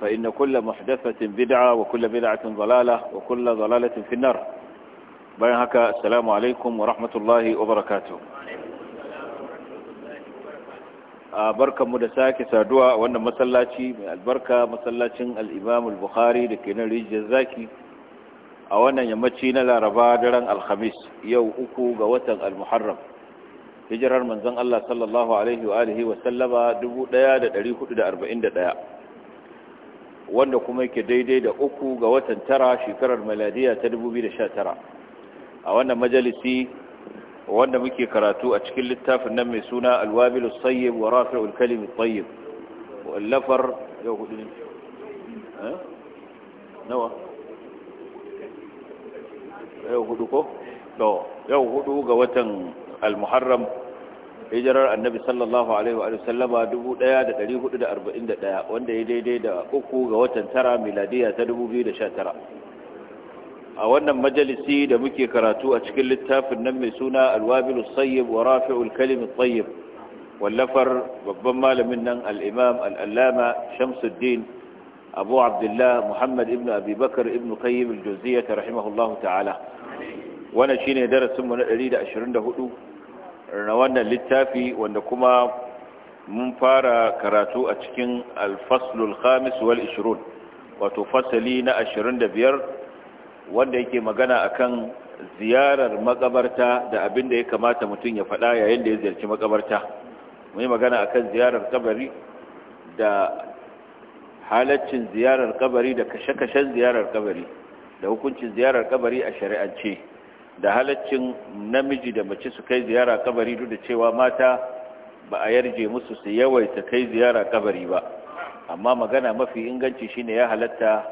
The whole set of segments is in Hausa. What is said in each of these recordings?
فإن كل محدثة بدعة وكل بدعة ضلالة وكل ضلالة في النار بيان هكا السلام عليكم ورحمة الله وبركاته barkan mu da sake saduwa a wannan masallaci mai albarka masallacin al'imam al da ke nan rijiyar zaki a wannan yammaci na laraba daren alhamis yau uku ga watan al-muharram hijirar manzon Allah sallallahu alaihi wa alihi wa wanda kuma yake daidai da uku ga watan tara shekarar maladiya ta 2019 a wannan majalisi wanda muke karatu a cikin littafin nan mai suna alwabilu sayyib wa rafi'ul kalimi tayyib wallafar yau hudu ne eh? nawa yau hudu ko? yau hudu ga watan al-muharram hijirar annabi sallallahu alaihi wa sallama 1441 wanda ya daidai da uku ga watan tara miladiya ta 2019 a wannan majalisi da muke karatu a cikin littafin nan mai suna alwabilu sayyib wa rafi'ul kalimin sayyib wallafar babban malamin nan al'imam al'allama shamsuddin abu abdullah muhammad ibn abibakar ibn qayyim al-juziyya rahimahullahu ta'ala wannan shine darasinmu na 124 na wannan littafi wanda kuma mun fara karatu a cikin alfaslul khamis wal 20 wato fasali na 25 wanda yake magana akan ziyarar makabarta da abin da ya kamata mutum ya faɗa yayin da ya ziyarci makabarta mun yi magana akan ziyarar kabari da halaccin ziyarar kabari da kashe-kashen ziyarar kabari da hukuncin ziyarar kabari a shari'ance da halaccin namiji da mace su kai ziyara kabari duk da cewa mata ba a yarje musu su yawaita kai ziyara kabari ba amma magana mafi inganci shine ya halatta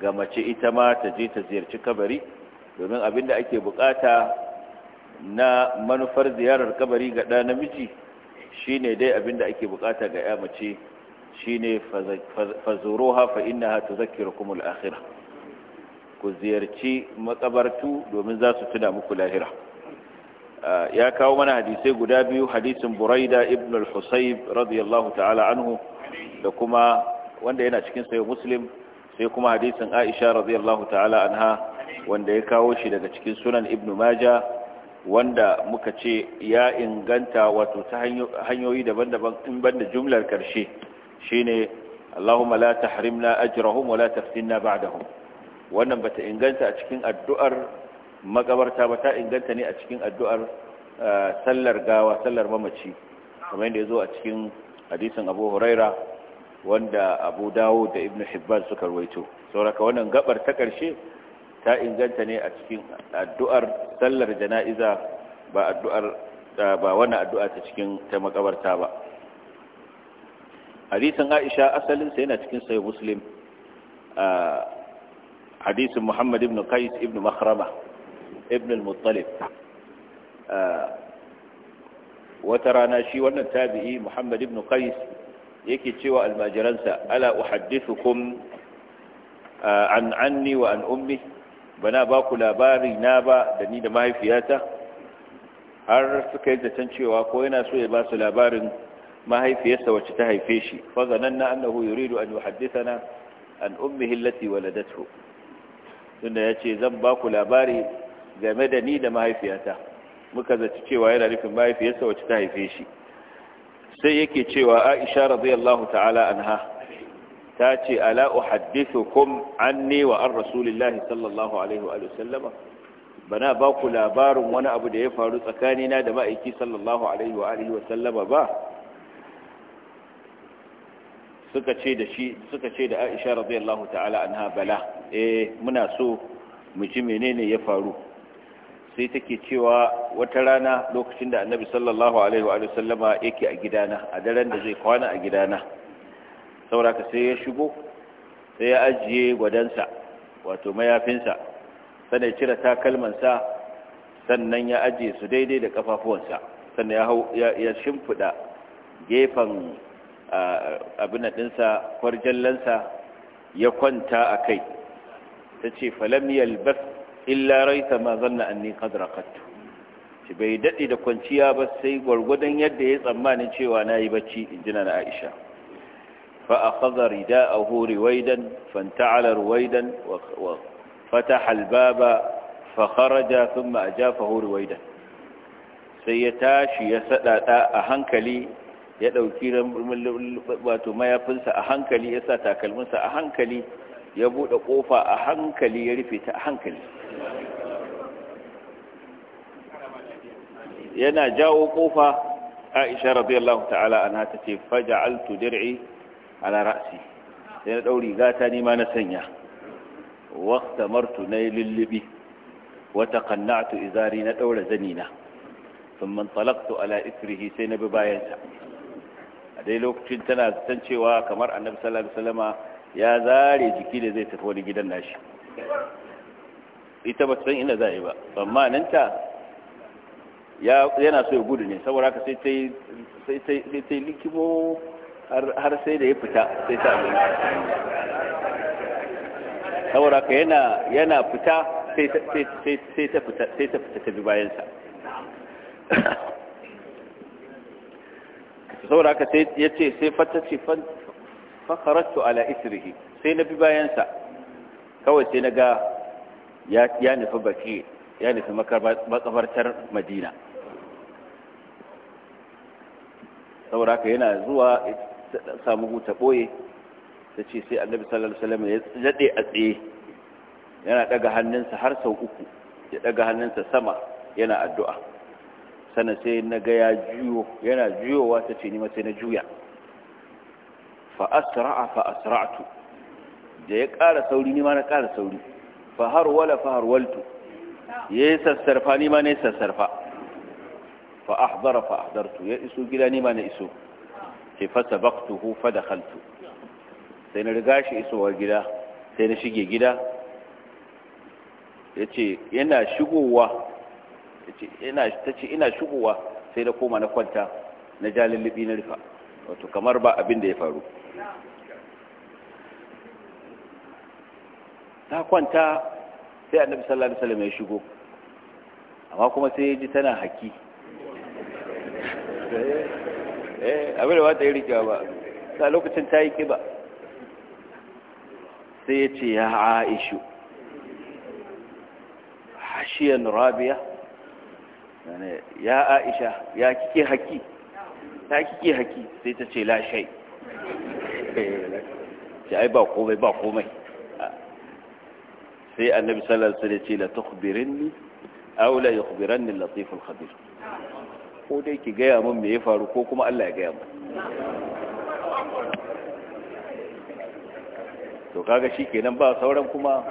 ga mace ita ma ta je ta ziyarci kabari domin abinda ake bukata na manufar ziyarar kabari ga ɗa namiji shine dai abinda ake bukata ga ya mace shine fazuruha fa innaha tuzakkirukum al-akhirah ku ziyarci makabartu domin za su tuna muku lahira ya kawo mana hadisai guda biyu hadisin buraida ibn al-husayb radiyallahu ta'ala anhu da kuma wanda yana cikin sayo muslim sai kuma hadisin aisha radiyallahu ta'ala anha wanda ya kawo shi daga cikin sunan ibn maja wanda muka ce ya inganta wato ta hanyoyi daban-daban in banda jumlar karshe shine allahumma la tahrimna ajrahum wa la taftinna ba'dahum wannan bata inganta a cikin addu'ar makabarta ba ta inganta ne a cikin addu'ar eh, sallar gawa sallar mamaci kamar yadda ya zo a cikin hadisin abu huraira wanda abu dawo da ibn hibban suka ruwaito sauraka wannan gabar ta ƙarshe ta inganta ne a cikin addu'ar sallar jana'iza ba addu'ar eh, ba wannan addu'a ta cikin ta makabarta ba hadisin aisha asalinsa yana cikin sahih muslim ah, hadisin Muhammad ibn Qais ibn Makhrama ibn al-Muttalib ah, wata rana shi wannan tabi'i Muhammad ibn Qais yake cewa almajiransa ala uhaddithukum ah, an anni wa an ummi bana baku ku labari na ba da ni da mahaifiyata har suka yi zaton cewa ko yana so ya basu labarin mahaifiyarsa wacce ta haife shi fa na annahu yuridu an yuhaddithana an ummihi allati waladatuhu tunda ya ce zan ba ku labari game da ni da mahaifiyata muka zaci cewa yana nufin mahaifiyarsa wacce ta haife shi sai yake cewa aisha radiyallahu ta'ala anha ta ce ala uhaddithukum anni wa an rasulillahi sallallahu alaihi wa sallama bana ba ku labarin wani abu da ya faru tsakanina da ma'aiki sallallahu alaihi wa wa sallama ba suka ce da shi suka ce da Aisha radiyallahu ta'ala anha bala eh muna so mu ji menene ya faru sai take cewa wata rana lokacin da Annabi sallallahu alaihi wa sallama yake a gidana a daren da zai kwana a gidana sauraka sai ya shigo sai ya ajiye gwadansa wato mayafinsa sannan ya cire takalmansa sannan ya ajiye su daidai da kafafuwansa sannan ya shimfida gefen abin ɗinsa kwarjallansa ya kwanta a kai ta ce falam yalbas illa raita ma zanna anni qad raqattu ci bai dade da kwanciya ba sai gwargwadon yadda ya tsammanin cewa nayi bacci injina na Aisha fa akhadha rida'ahu ruwaidan fanta'ala ruwaidan wa fataha al-baba fa kharaja thumma ajafahu ruwaidan sai ya tashi ya sadada a hankali ya ɗauki wato mayafinsa a hankali ya sa takalminsa a hankali ya buɗe ƙofa a hankali ya rufe ta a hankali yana jawo ƙofa aisha radiyallahu ta'ala ana ta ce faja'altu dir'i ala ra'si yana ɗauri gata nima na sanya waqta martu na lullubi wata kannatu izari na ɗaura zanina thumma talaqtu ala ithrihi sai na bi bayansa dai lokacin tana zaton cewa kamar annabi sallallahu alaihi ya zare jiki da zai tafi wani gidan nashi ita ba san inda za ba amma nan ta yana so ya gudu ne saboda haka sai ta yi likimo har sai da ya fita sai ta abin saboda haka yana fita sai ta fita ta bi bayansa saboda haka sai ya ce sai fatace fakarattu ala isrihi sai na bi bayansa kawai sai na ga ya nufi baki ya nufi makabartar madina saboda haka yana zuwa samu huta ɓoye ta ce sai annabi sallallahu alaihi wasallam ya daɗe a tsaye yana ɗaga hannunsa har sau uku ya ɗaga hannunsa sama yana addu'a sana sai na ga ya juyo yana juyowa ta ce nima sai na juya fa asra'a fa asra'tu da ya ƙara sauri nima na ƙara sauri fa har wala fa har waltu yayi sassarfa nima ne sassarfa fa ahdara fa ahdartu ya iso gida nima na iso ce fa sabaqtuhu fa dakhaltu sai na riga shi isowar gida sai na shige gida yace yana shigowa ta ce ina shigowa sai na koma na kwanta na jalilibi na rufa wato kamar ba abin da ya faru ta kwanta sai annabi sallallahu alaihi wasallam ya shigo amma kuma sai ya ji tana haki eh abin da ba ta yi rikewa ba sai lokacin ta yi kiba sai ya ce ya aishu hashiyan rabiya ya aisha ya kike haki ta kike haki sai ta ce la shai ce ai ba komai ba komai sai annabi sallallahu alaihi wasallam ce la tukhbirinni aw la yukhbiranni al-latif al ko dai ki gaya min me ya faru ko kuma Allah ya gaya mun. to kaga shikenan ba sauran kuma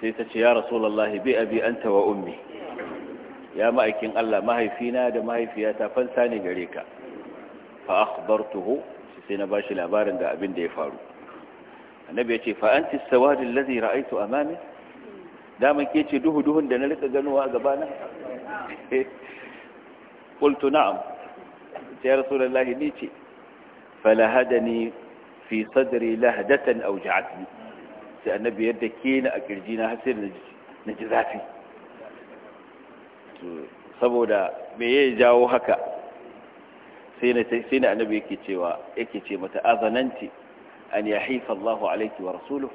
sai ta ce ya rasulullahi bi abi anta wa ummi ya ma'aikin Allah mahaifina da mahaifiyata fansa ne gare ka fa akhbartuhu sai na bashi labarin da abin da ya faru annabi ya ce fa anti sawadi allazi ra'aytu amami Dama ke ce duhu duhun da na rika ganowa gaba na qultu na'am ya rasulullahi ni ce falahadani fi sadri lahdatan aw sai annabi yadda ke na a kirji na hasir na ji zafi saboda me ya jawo haka sai na sai na annabi yake cewa yake ce mata azananti an haifar Allahu alayki wa rasuluhu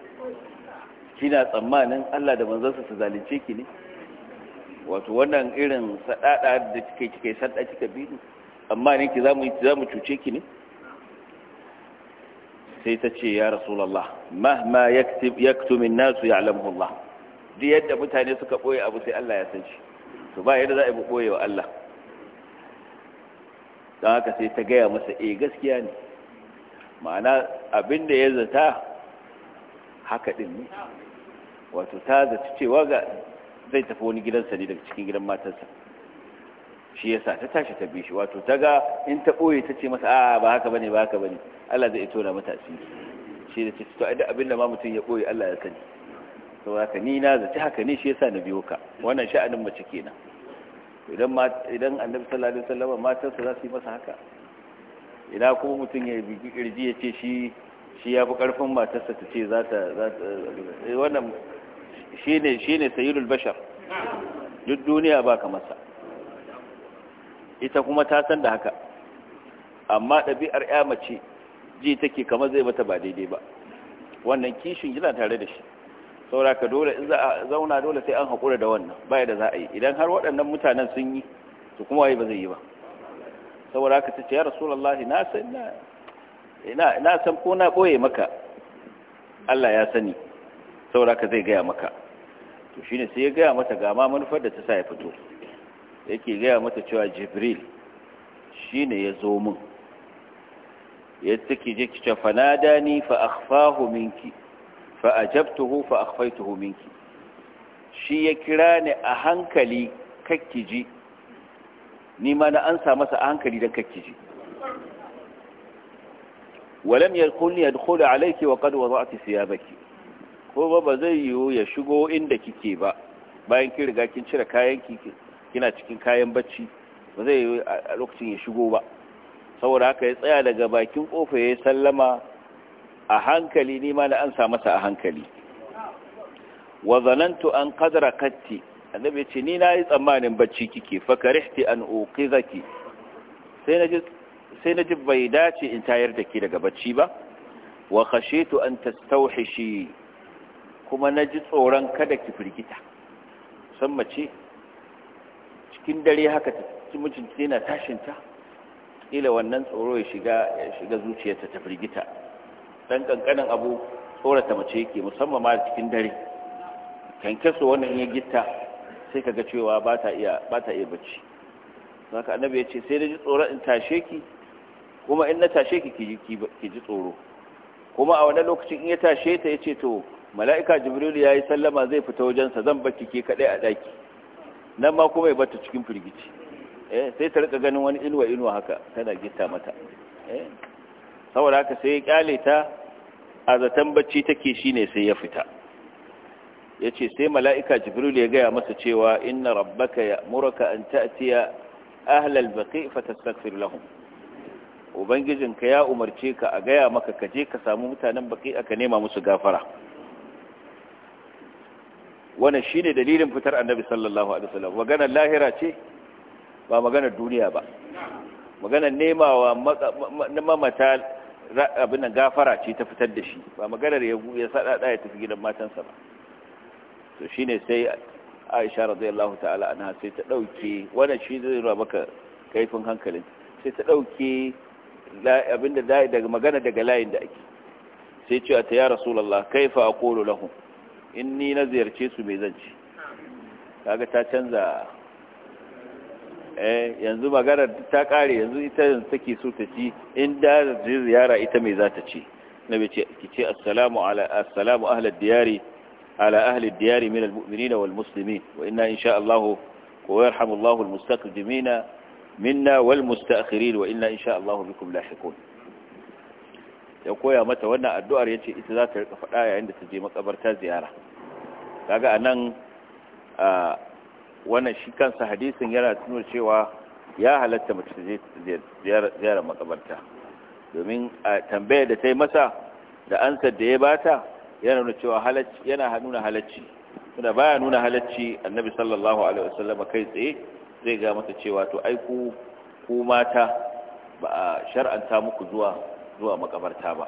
kina tsammanin Allah da manzansa su zalince ki ne wato wannan irin sadada da kike kike sadada kika bi amma ne ki zamu zamu cuce ki ne sai ta ce ya rasulullah mahma yaktumin nasu ya Allah duk yadda mutane suka boye abu sai Allah ya san shi to ba yadda za a yi boye wa Allah don haka sai ta gaya masa eh gaskiya ne ma'ana abinda ya zata haka din ne wato ta zata cewa ga zai tafi wani gidansa ne daga cikin gidan matarsa shi yasa ta tashi ta bi wato ta ga in ta ɓoye ta ce masa a ba haka bane ba haka bane Allah zai tona mata asiri shi da ce to ai abin da ma mutum ya ɓoye Allah ya sani to haka ni na zaci haka ne shi yasa na biyo ka wannan sha'anin mace kenan idan ma idan Annabi sallallahu alaihi wasallam matarsa za su yi masa haka idan kuma mutum ya bi kirji ya ce shi shi ya fi karfin matarsa ta ce za ta eh, wannan shine shine sayyidul bashar duk duniya ba ka masa ita kuma ta san da haka amma ɗabi'ar ya mace ji take kamar zai mata ba daidai ba wannan kishin yana tare da shi sauraka dole in za a zauna dole sai an haƙura da wannan baya da za a yi idan har waɗannan mutanen sun yi to kuma waye ba zai yi ba saboda haka tace ya rasulullahi na san san ko na boye maka Allah ya sani saboda haka zai gaya maka to shine sai ya gaya mata ga ma manufar da ta sa ya fito yake gaya mata cewa jibril shi ne ya zo min ya take je ki fanada ni fa akhfahu minki fa ajabtuhu fa akhfaituhu minki shi ya kira ni a hankali kakki ji ni ma na ansa masa a hankali dan kakki ji yaqul li yadkhulu alayki wa qad wada'ti thiyabaki ko ba zai yiwu ya shigo inda kike ba bayan kin riga kin cire kayan kike yana cikin kayan bacci ba zai yi a lokacin ya shigo ba saboda haka ya tsaya daga bakin kofa ya sallama a hankali nima da an sa masa a hankali wa zanantu an qadra katti annabi ce ni nayi tsammanin bacci kike fa karihti an uqizaki sai naji sai naji bai dace in tayar da ki daga bacci ba wa khashitu an tastawhishi kuma naji tsoron kada ki firgita san mace cikin dare haka ta mutum yana tashinta ila wannan tsoro ya shiga ya shiga zuciyarta ta firgita dan kankanin abu tsorata mace yake musamman ma cikin dare kankaso wannan ya gitta sai kaga cewa ba ta iya ba ta iya bacci saka annabi ya ce sai da ji tsoron in tashe ki kuma in na tashe ki ki ji tsoro kuma a wannan lokacin in ya tashe ta ya ce to mala'ika jibril ya yi sallama zai fita wajensa zan baki ke kaɗai a ɗaki nan ma kuma ya bata cikin firgici eh, sai ta rika ganin wani inuwa inuwa haka tana gita mata eh, saboda haka sai ya kyale ta a zaton bacci take shine sai ya fita Ya ce sai mala'ika jibril ya gaya masa cewa inna rabbaka muraka an ta’atiya ahlal baƙi fatastakfir lahun ubangijinka ya umarce ka a gaya maka ka je ka samu mutanen baki aka nema musu gafara wannan shine dalilin fitar annabi sallallahu alaihi wasallam maganar lahira ce ba maganar duniya ba maganar nemawa mamata abin nan gafara ce ta fitar da shi ba maganar ya ya sada ya tafi gidan matansa ba to shine sai Aisha radiyallahu ta'ala anha sai ta dauke wannan shi zai nuna maka kaifin hankalin sai ta dauke abinda daga magana daga layin da ake sai ce ta ya rasulullah kaifa aqulu lahum in ni na ziyarce su mai zanci kaga ta canza eh yanzu magana ta kare yanzu ita yanzu take so ta ci in da ziyara ita mai za ta ci nabi ce ki ce assalamu ala assalamu ahli diyari ala ahli diyari min almu'minina wal muslimin wa inna insha Allah ko yarhamu Allah almustaqdimina minna wal mustaakhirin wa inna insha Allah bikum lahiqun ya koya mata wannan addu'ar yace ita za ta rika faɗa yayin da ta je makabarta ziyara kaga anan wannan shi kansa hadisin yana tuno cewa ya halatta mace ziyarar makabarta domin a tambayar da ta yi masa da ansar da ya bata yana nuna cewa yana nuna halacci baya nuna halacci annabi sallallahu alaihi wasallama kai tsaye zai ga masa cewa to ai ku mata ba a shar'anta muku zuwa makabarta ba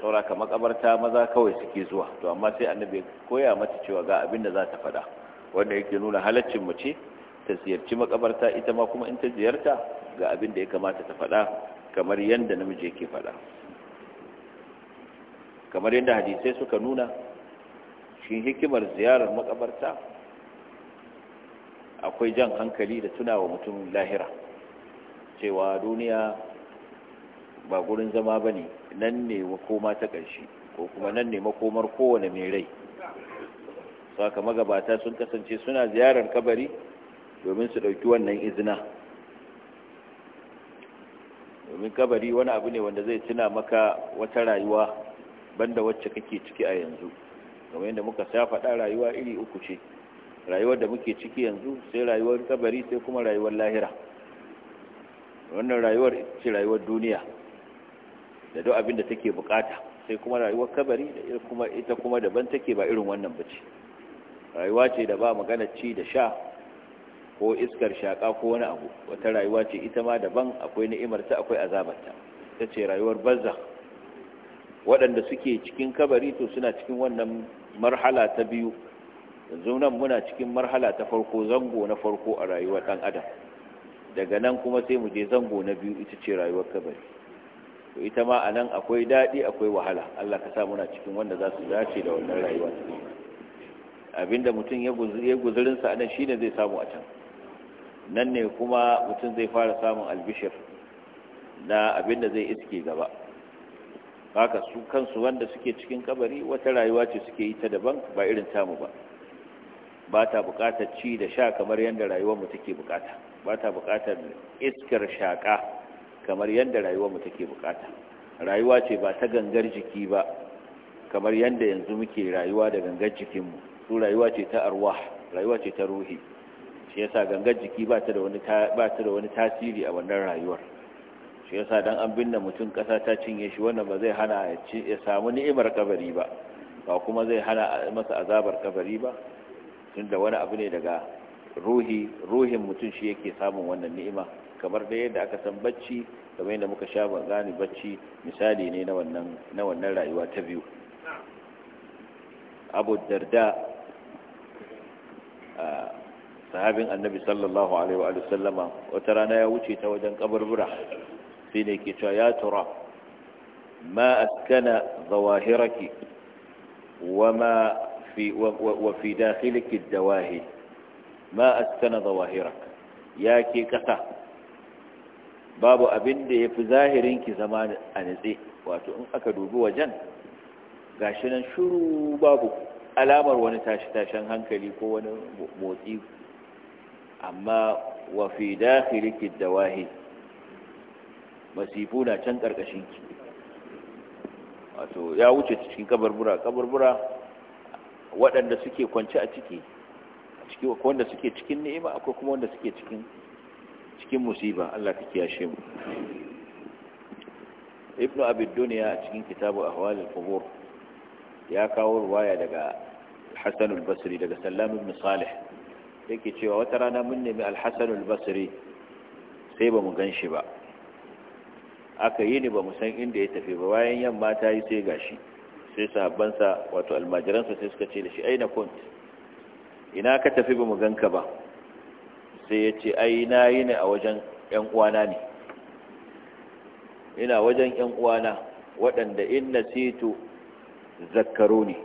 saura ka makabarta maza kawai suke zuwa to amma sai annabi koya mata cewa ga abin da za ta faɗa wanda yake nuna halaccin mace ta ziyarci makabarta ita ma kuma in ta ziyarta ga abin da ya kamata ta faɗa kamar yadda namiji yake faɗa kamar yadda hadisai suka nuna shi hikimar ziyarar makabarta akwai jan hankali da tunawa mutum lahira cewa duniya ba gurin zama ba ne nan ne makoma ta ƙarshe ko kuma nan ne makomar kowane mai rai ka magabata sun kasance suna ziyarar kabari domin su ɗauki wannan izina domin kabari wani abu ne wanda zai tuna maka wata rayuwa banda wacce kake ciki a yanzu kamar yadda muka sa faɗa rayuwa iri uku ce rayuwar da muke ciki yanzu sai rayuwar kabari sai kuma rayuwar lahira wannan rayuwar ce rayuwar duniya da duk abin da take bukata sai kuma rayuwar kabari da kuma ita kuma daban take ba irin wannan bace rayuwa ce da ba magana ci da sha ko iskar shaka ko wani abu wata rayuwa ce ita ma daban akwai ni'imarta akwai azabarta ta ce rayuwar barza waɗanda suke cikin kabari to suna cikin wannan marhala ta biyu yanzu nan muna cikin marhala ta farko zango na farko a rayuwar ɗan adam daga nan kuma sai mu je zango na biyu ita ce rayuwar kabari to ita ma anan akwai daɗi akwai wahala Allah ka sa muna cikin wanda za su dace da wannan rayuwa abinda mutum ya guzurinsa a nan shine zai samu a can nan ne kuma mutum zai fara samun albishir na abinda zai iske gaba haka su kansu wanda suke cikin kabari wata rayuwa ce suke yi ta daban ba irin tamu ba ba ta bukatar ci da sha kamar yadda rayuwar mu take bukata ba ta bukatar iskar shaka kamar yadda rayuwar mu take bukata rayuwa ce ba ta gangar jiki ba kamar yadda yanzu muke rayuwa da gangar jikin mu su rayuwa ce ta arwah rayuwa ce ta ruhi shi yasa gangar jiki ba ta da wani ba ta da wani tasiri a wannan rayuwar shi yasa dan an binne mutum kasa ta cinye shi wannan ba zai hana ya samu ni'imar kabari ba ba kuma zai hana masa azabar kabari ba tunda wani abu ne daga ruhi ruhin mutum shi yake samun wannan ni'ima kamar da yadda aka san bacci kamar yadda muka sha gane bacci misali ne na wannan na wannan rayuwa ta biyu abu darda sahabin annabi sallallahu alaihi wa sallama wata rana ya wuce ta wajen kaburbura sai ne ke cewa ya tura ma askana zawahiraki wama fi wa fi dakhiliki dawahir ma askana zawahiraka ya ke kasa babu abin da ya fi zahirin ki zama a nitse wato in aka dubi wajen gashi nan shuru babu alamar wani tashi-tashen hankali ko wani motsi amma wa fi dakhiliki dawahi masifu na can karkashin ki wato ya wuce cikin kabarbura kabarbura waɗanda suke kwance a ciki a ciki wanda suke cikin ni'ima akwai kuma wanda suke cikin cikin musiba Allah ka kiyashe mu ibnu abid dunya a cikin kitabu ahwal al-qubur ya kawo riwaya daga Hassan al-Basri daga Sallam ibn Salih yake cewa wata rana mun nemi al al-Basri sai ba mu ganshi ba aka yi ni ba mu san inda ya tafi ba bayan yamma ta yi sai gashi sai sahabbansa wato almajiransa sai suka ce da shi aina kunt ina ka tafi ba mu ganka ba sai ya ce ai na yi ne a wajen ‘yan uwana ne ina wajen ‘yan uwana waɗanda in nasitu zakkaro ne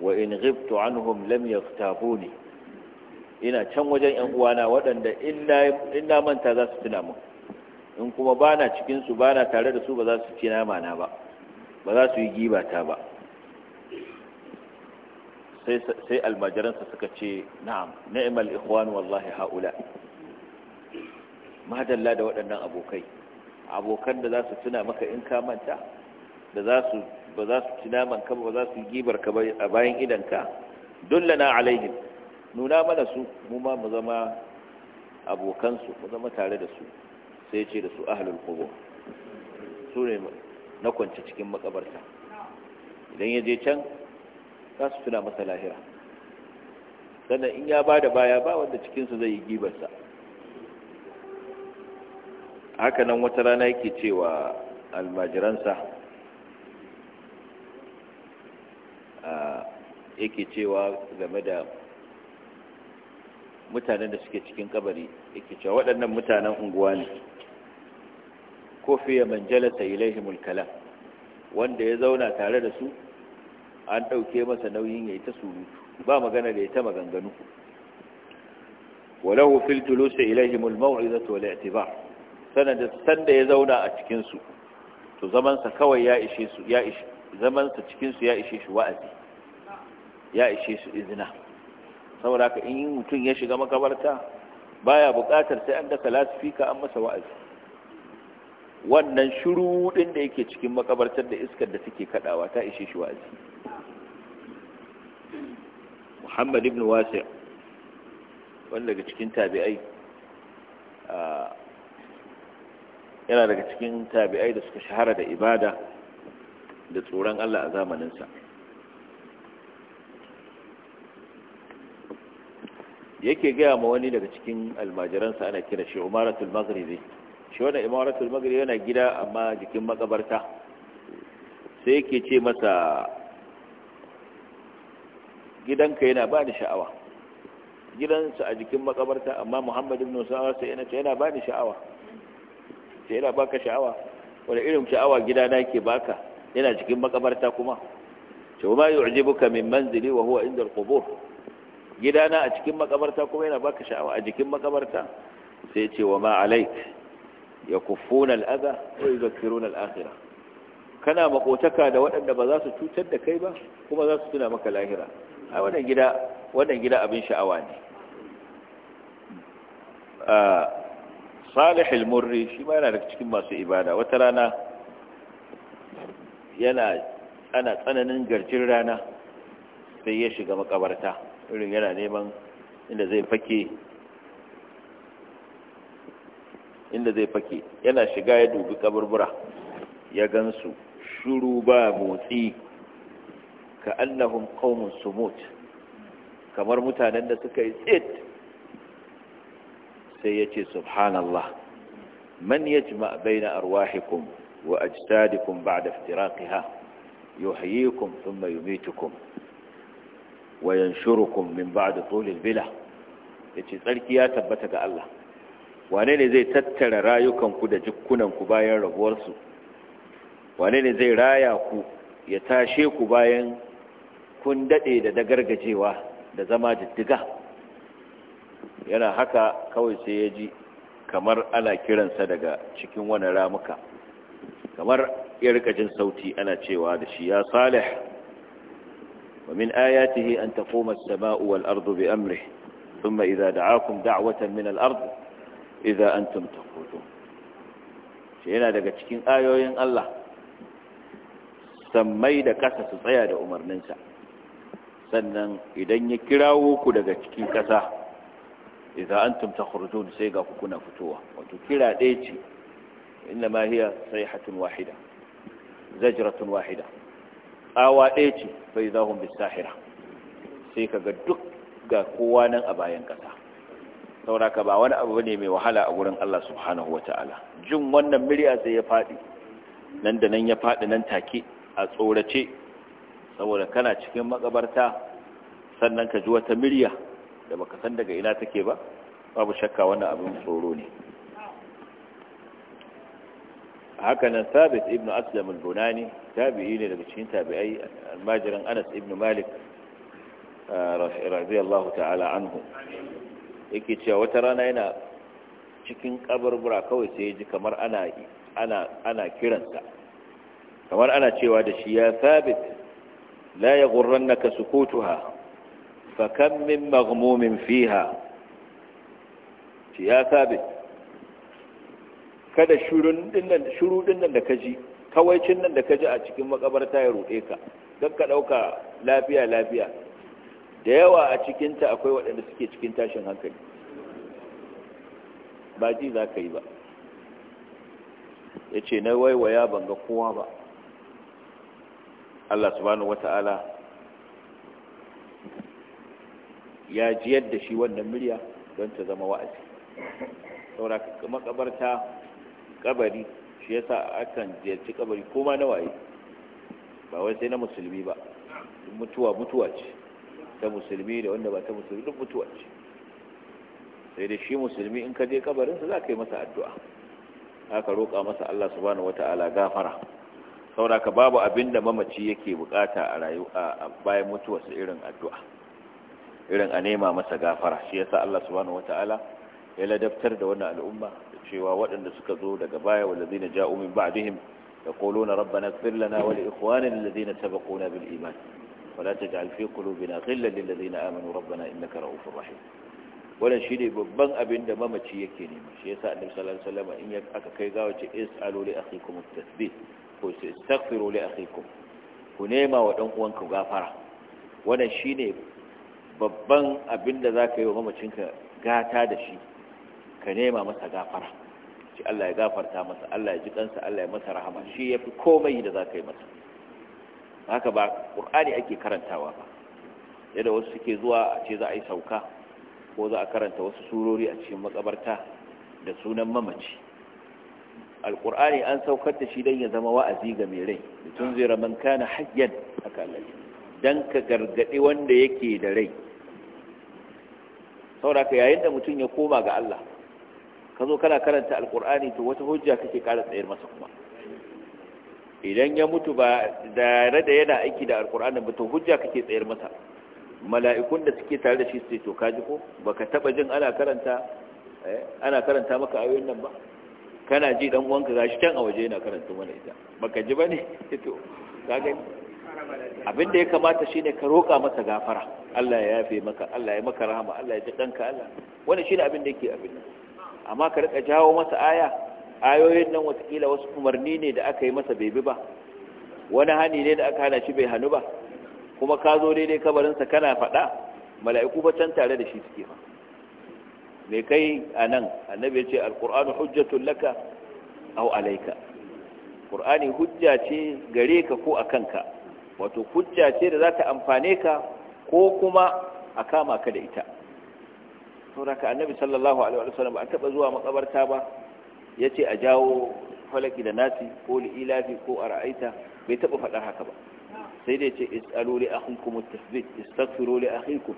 wa in ghibtu anhum lam yaghtabu ne ina can wajen ‘yan uwana waɗanda in na manta za su tuna mu in kuma ba na cikinsu ba na tare da su ba za su ci nama na ba ba za su yi gibata ba sai almajiransa suka ce na'am na'imal ikhwan wallahi haula madalla da waɗannan abokai abokan da za su tuna maka in ka manta da za su ba za su tuna manka ba za su gibar ka a bayan idanka dullana alaihim nuna mana su mu ma mu zama abokan mu zama tare da su sai ce da su ahlul qubur su ne na kwance cikin makabarta idan ya je can za su tuna masa lahira sannan in ya ba da baya ba wanda cikinsu zai yi gibarsa haka nan wata rana yake cewa almajiransa yake cewa game da mutanen da suke cikin kabari yake cewa waɗannan mutanen unguwa ne ko fiye manjalasa ilaihimul kalam wanda ya zauna tare da su an ɗauke masa nauyin ya yi ta surutu ba magana da ya ta maganganu walahu fil julusi ilaihimul maw'izatu wal i'tibar san da ya zauna a cikin su to zaman sa kawai ya ishe su ya ishe zaman sa cikin su ya ishe shi wa'azi ya ishe su izina saboda haka in mutum ya shiga makabarta baya buƙatar sai an daka lasifika an masa wa'azi wannan shuruɗin din da yake cikin makabartar da iskar da take kadawa ta ishe shi wa'azi muhammad ibn wasi' wanda daga cikin tabi'ai yana daga cikin tabi'ai da suka shahara da ibada da tsoron Allah a zamaninsa yake gaya ma wani daga cikin almajiransa ana kira shi umaratul maghribi shi wannan umaratul maghribi yana gida amma jikin makabarta sai yake ce masa gidanka yana ba ni sha'awa gidansa a jikin makabarta amma Muhammadu ibn sa'awa sai yana ce yana ba ni sha'awa sai yana ka sha'awa wani irin sha'awa gidana yake baka yana cikin makabarta kuma ce ma buka min manzili wa huwa inda al gida gidana a cikin makabarta kuma yana baka sha'awa a jikin makabarta sai ce wa ma alaik kufuna al'aza ko yi yuzakkiruna na al'ahira kana makotaka da waɗanda ba za su cutar da kai ba kuma za su tuna maka lahira a wannan gida wannan gida abin sha'awa ne salih al-murri shi ma yana daga cikin masu ibada wata rana yana ana tsananin garjin rana sai ya shiga makabarta irin yana neman inda zai fake inda zai fake yana shiga ya dubi kaburbura ya gansu shuru ba motsi ka annahum qaumun sumut kamar mutanen da suka yi tsit sai yace subhanallah man yajma baina arwahikum wa ajdadikum ba'da iftiraqiha yuhyikum thumma yumitukum wa yanshurukum min ba'di tulil bila yace tsarki ya tabbata ga Allah wane ne zai tattara rayukanku da jikkunanku bayan rabuwarsu wane ne zai raya ku ya tashe ku bayan kun daɗe da dagargajewa da zama diddiga yana haka kawai sai ya ji kamar ana kiransa daga cikin wani ramuka kamar ya sauti ana cewa da shi ya salih wa min ayatihi an taquma as-samaa'u wal ardu bi amrihi thumma idha da'akum da'watan min al-ard idha antum taqutun shi yana daga cikin ayoyin Allah sammai da ƙasa su tsaya da umarninsa sannan idan ya kirawo ku daga cikin ƙasa idan an tumta takhrujun sai ga ku kuna fitowa wato kira ɗaya ce inna ma hiya sayhatun wahida zajratun wahida tsawa ɗaya ce bai za hun bisahira sai ka ga duk ga kowa nan a bayan ƙasa ka ba wani abu ne mai wahala a wurin Allah subhanahu wa ta'ala jin wannan murya sai ya faɗi nan da nan ya faɗi nan take a tsorace saboda kana cikin makabarta sannan ka ji wata murya da baka san daga ina take ba babu shakka wannan abin tsoro ne hakanan sabit ibn aslam al-bunani tabi'i ne daga cikin tabi'ai almajirin anas ibn malik uh, radiyallahu ta'ala anhu yake cewa wata rana yana cikin kaburbura kawai sai ya ji kamar ana ana ana kiransa kamar ana cewa da shi ya sabit لا يغرنك سكوتها فكم من min فيها fiha ثابت kada shurun dinnan shuru dinnan da kaji kawaicin nan da kaji a cikin makabarta ya rude ka dan ka dauka lafiya lafiya da yawa a cikinta akwai waɗanda suke cikin tashin hankali ba ji za ka yi ba ya na waiwaya ban ga kowa ba Allah subhanahu wata'ala ya ji yadda shi wannan murya don ta zama wa'azi saboda makabarta kabari shi yasa akan ziyarci kabari koma na waye ba wai sai na musulmi ba mutuwa mutuwa ce ta musulmi da wanda ba ta musulmi duk mutuwa ce sai da shi musulmi in ka je kabarinsa za ka yi masa addu'a aka roƙa masa Allah subhanahu wata'ala gafara sauraka babu abin da mamaci yake bukata a rayuwa bayan mutuwarsa irin addu'a irin a nema masa gafara shi yasa Allah subhanahu wataala ya ladabtar da wannan al'umma da cewa waɗanda suka zo daga baya wallazina ja'u min ba'dihim yaquluna rabbana ighfir lana wa li ikhwanina alladhina sabaquna bil iman wa la taj'al fi qulubina ghillan lil ladzina amanu rabbana innaka ra'ufur rahim shi. shine babban abin da mamaci yake nema shi yasa annabi sallallahu alaihi wasallam in aka kai gawa ce is'alu akhikum at-tasbih fastaghfiru li akhikum ku nema wa dan uwanka gafara wannan shine babban abin da zaka yi wa mamacinka gata da shi ka nema masa gafara shi Allah ya gafarta masa Allah ya ji kansa Allah ya masa rahama shi yafi komai da zaka yi masa haka ba qur'ani ake karantawa ba yadda wasu suke zuwa a ce za a yi sauka ko za a karanta wasu surori a cikin makabarta da sunan mamaci alqur'ani an saukar da shi dan ya zama wa'azi ga mai rai mutum zai raman kana hayyan haka Allah dan ka gargade wanda yake da rai saboda ka yayin da mutum ya koma ga Allah ka zo kana karanta alqur'ani to wata hujja kake ƙara tsayar masa kuma idan ya mutu ba da rada yana aiki da Alƙur'ani ba to hujja kake tsayar masa mala'ikun da suke tare da shi sai to ka ji ko baka taba jin ana karanta eh, ana karanta maka ayoyin nan ba kana ji dan uwanka gashi can a waje yana karanta mana ita baka ji bane to ka gani abin da ya kamata shine ka roka masa gafara Allah ya yafe maka Allah ya maka rahama Allah ya ji danka Allah wannan shine abin da yake abin nan amma ka rika jawo masa aya ayoyin nan watakila wasu umarni ne da aka yi masa bai bi ba wani hani ne da aka hana shi bai hannu ba kuma ka zo daidai kabarinsa kana faɗa mala'iku ba can tare da shi suke ba me kai a nan annabi ya ce alƙur'anu hujjatun laka au alaika ƙur'ani hujja ce gare ka ko a kanka wato hujja ce da za ta amfane ka ko kuma a kama ka da ita sauraka annabi sallallahu alaihi wasallam ba a taɓa zuwa makabarta ba ya ce a jawo falaki da nasi ko li'ilafi ko a ra'aita bai taɓa faɗar haka ba sai dai ce is'alu akhikum at-tathbit istaghfiru li akhikum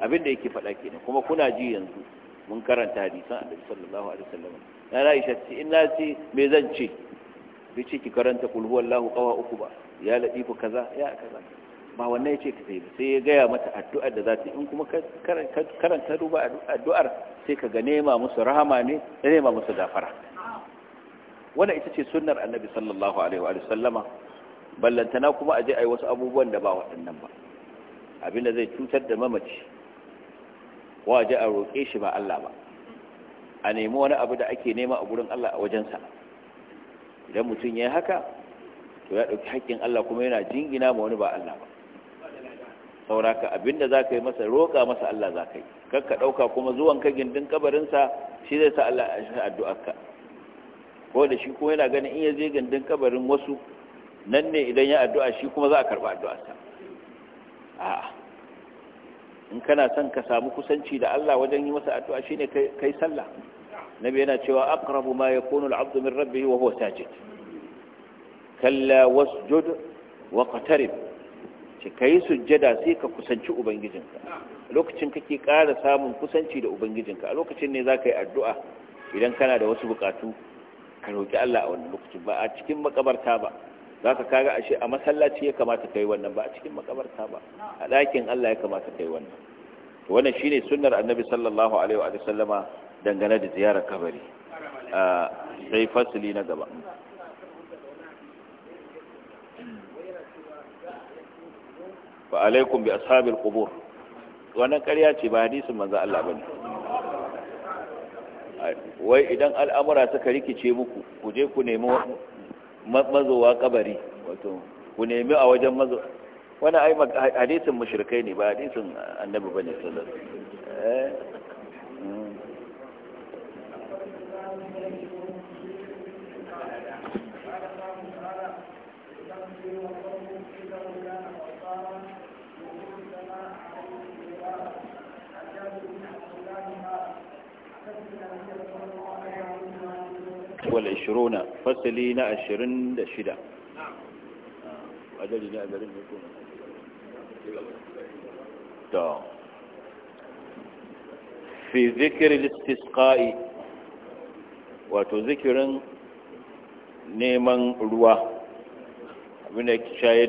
abinda yake faɗa kenan kuma kuna ji yanzu mun karanta hadisan annabi sallallahu alaihi wasallam na Aisha ce in na ce me zan ce bai ce ki karanta kul huwallahu qawa uku ba ya ladifu kaza ya kaza ba wannan yace ka sai sai ya gaya mata addu'ar da za in kuma karanta duba addu'ar sai ka ga nema musu rahama ne da nema musu gafara wannan ita ce sunnar annabi sallallahu alaihi wa sallama ballantana kuma aje ai wasu abubuwan da ba waɗannan ba abinda zai cutar da mamaci waje a roƙe shi ba Allah ba a nemi wani abu da ake nema a gurin Allah a wajensa idan mutum ya yi haka to ya ɗauki haƙƙin Allah kuma yana jingina ma wani ba Allah ba sauraka abinda za ka yi masa roƙa masa Allah za ka yi kakka ɗauka kuma zuwan ka gindin kabarinsa shi zai sa Allah a shi addu'arka ko da shi kuma yana ganin in ya je gindin kabarin wasu nan ne idan ya addu'a shi kuma za a karɓi addu'arsa a'a in kana son ka samu kusanci da Allah wajen yi masa addu'a shine kai sallah nabi yana cewa aqrabu ma yakunu al-'abdu min rabbihi wa huwa sajid kalla wasjud wa qtarib ce kai sujjada sai ka kusanci ubangijinka lokacin kake ƙara samun kusanci da ubangijinka a lokacin ne zaka yi addu'a idan kana da wasu buƙatu ka roki Allah a wannan lokacin ba a cikin makabarta ba za ka kaga ashe a masallaci ya kamata ka yi wannan ba a cikin makabarta ba a ɗakin Allah ya kamata ka yi wannan wannan shi ne sunnar annabi sallallahu alaihi wa sallama dangane da ziyarar kabari sai fasili na gaba fa alaikum bi ashabil qubur wannan ƙarya ce ba hadisin manzo Allah bane wai idan al'amura suka rikice muku ku je ku nemi mazowa kabari wato ku nemi a wajen mazo wani ai hadisin mushrikai ne ba hadisin annabi bane sallallahu alaihi wasallam eh? wal fasali na 26 adali ne a garin ne wato zikirin neman ruwa da shayar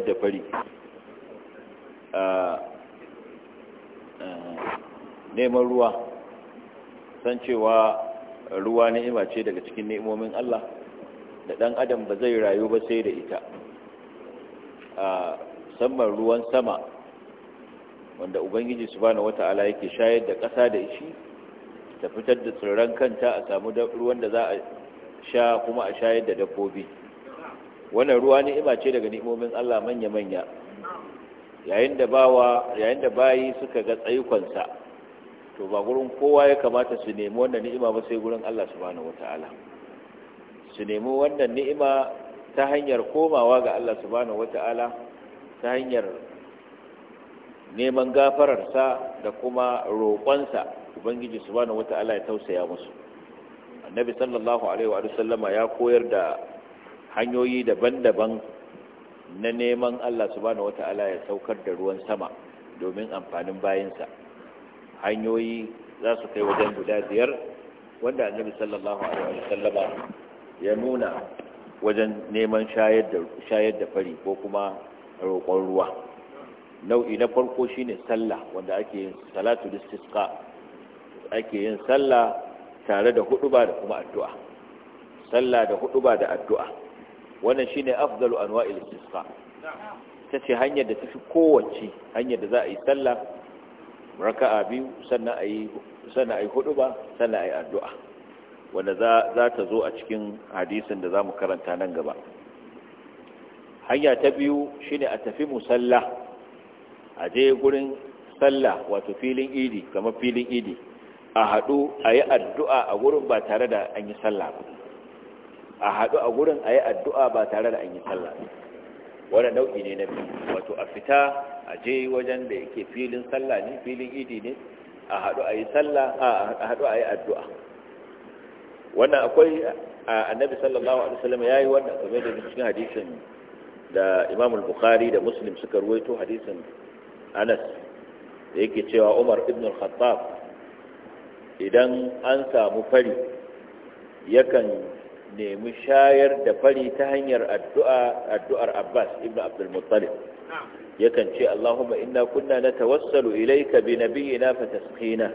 neman ruwa san cewa ruwa ni'ima ce daga cikin ni'imomin Allah da dan adam ba zai rayu ba sai da ita a samman ruwan sama wanda ubangiji subhanahu wata'ala yake shayar da ƙasa da shi ta fitar da tsirran kanta a samu ruwan da za a sha kuma a shayar da dabbobi wannan ruwa ni'ima ce daga ni'imomin Allah manya-manya yayin da bawa yayin da bayi suka ga tsayukansa to ba gurin kowa ya kamata su nemi wannan ni'ima ba sai gurin Allah subhanahu wataala su nemi wannan ni'ima ta hanyar komawa ga Allah subhanahu wataala ta hanyar neman gafararsa da kuma roƙonsa ubangiji subhanahu wataala ya tausaya musu annabi sallallahu alaihi wa sallama ya koyar da hanyoyi daban-daban na neman Allah subhanahu wataala ya saukar da ruwan sama domin amfanin bayinsa hanyoyi za su kai wajen guda biyar wanda annabi sallallahu alaihi wasallama ya nuna wajen neman shayar da fari ko kuma roƙon ruwa nau'i na farko shine sallah wanda ake yin salatu istisqa ake yin sallah tare da huduba da kuma addu'a sallah da huduba da addu'a wannan shine afdalu anwa'il istisqa tace hanyar da tafi kowace hanyar da za a yi sallah raka'a biyu sannan ayi yi hudu ba sannan ayi addu'a wanda za ta zo a cikin hadisin da za mu karanta nan gaba hanya ta biyu ne a tafi musalla a je gurin sallah wato filin idi kamar filin idi a haɗu a yi addu'a a gurin ba tare da an yi sallah ba a haɗu a gurin a yi addu'a ba tare da an yi salla ba wani nau'i ne na biyu wato a fita a je wajen da yake filin sallah ne filin idi ne a haɗu a yi sallah a haɗu a addu'a wannan akwai annabi sallallahu alaihi wasallam yayi wannan kamar da cikin hadisin da Imam al-Bukhari da Muslim suka ruwaito hadisin Anas da yake cewa Umar ibn al-Khattab idan an samu fari yakan nemi shayar da fari ta hanyar addu'a addu'ar Abbas ibn Abdul Muttalib yakan ce Allahumma inna kunna natawassalu ilayka bi nabiyyina fatasqina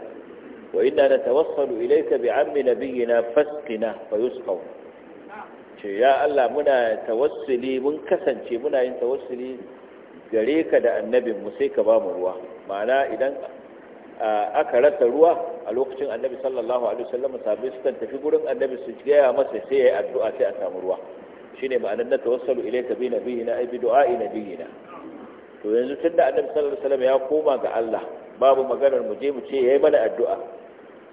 wa inna natawassalu ilayka bi ammi nabiyyina fasqina fayusqa ce ya Allah muna tawassuli mun kasance muna yin tawassuli gare ka da annabin mu sai ka ba mu ruwa ma'ana idan aka rasa ruwa a lokacin annabi sallallahu alaihi wasallam sahabbai sukan tafi gurin annabi su gaya masa sai yayi addu'a sai a samu ruwa shine ma'anar na tawassalu ilayka bi na ay bi du'a'i to yanzu tun da annabi sallallahu alaihi wasallam ya koma ga Allah babu maganar mu je mu ce yayi mana addu'a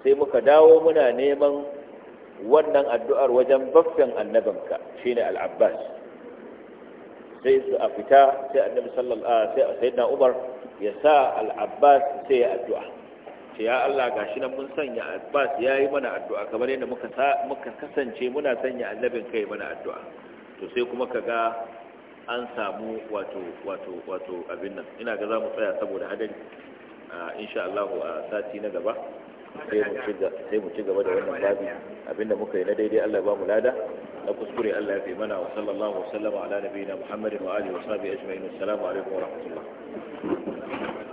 sai muka dawo muna neman wannan addu'ar wajen baffan annabinka shine al-Abbas sai su a fita sai annabi sallallahu alaihi wasallam sai na Umar ya sa al-Abbas sai ya addu'a ce ya Allah gashi nan mun sanya Abbas yayi mana addu'a kamar yadda muka muka kasance muna sanya annabin kai mana addu'a to sai kuma kaga an samu wato wato wato abin nan ina ga za mu tsaya saboda hadari insha Allah a sati na gaba sai mu ci gaba da wannan abin abinda muka yi na daidai Allah ba mu lada na kuskure Allah ya fi mana wa sallallahu wa sallama ala nabiyina Muhammadin wa alihi wa sahbihi ajma'in assalamu alaikum wa rahmatullah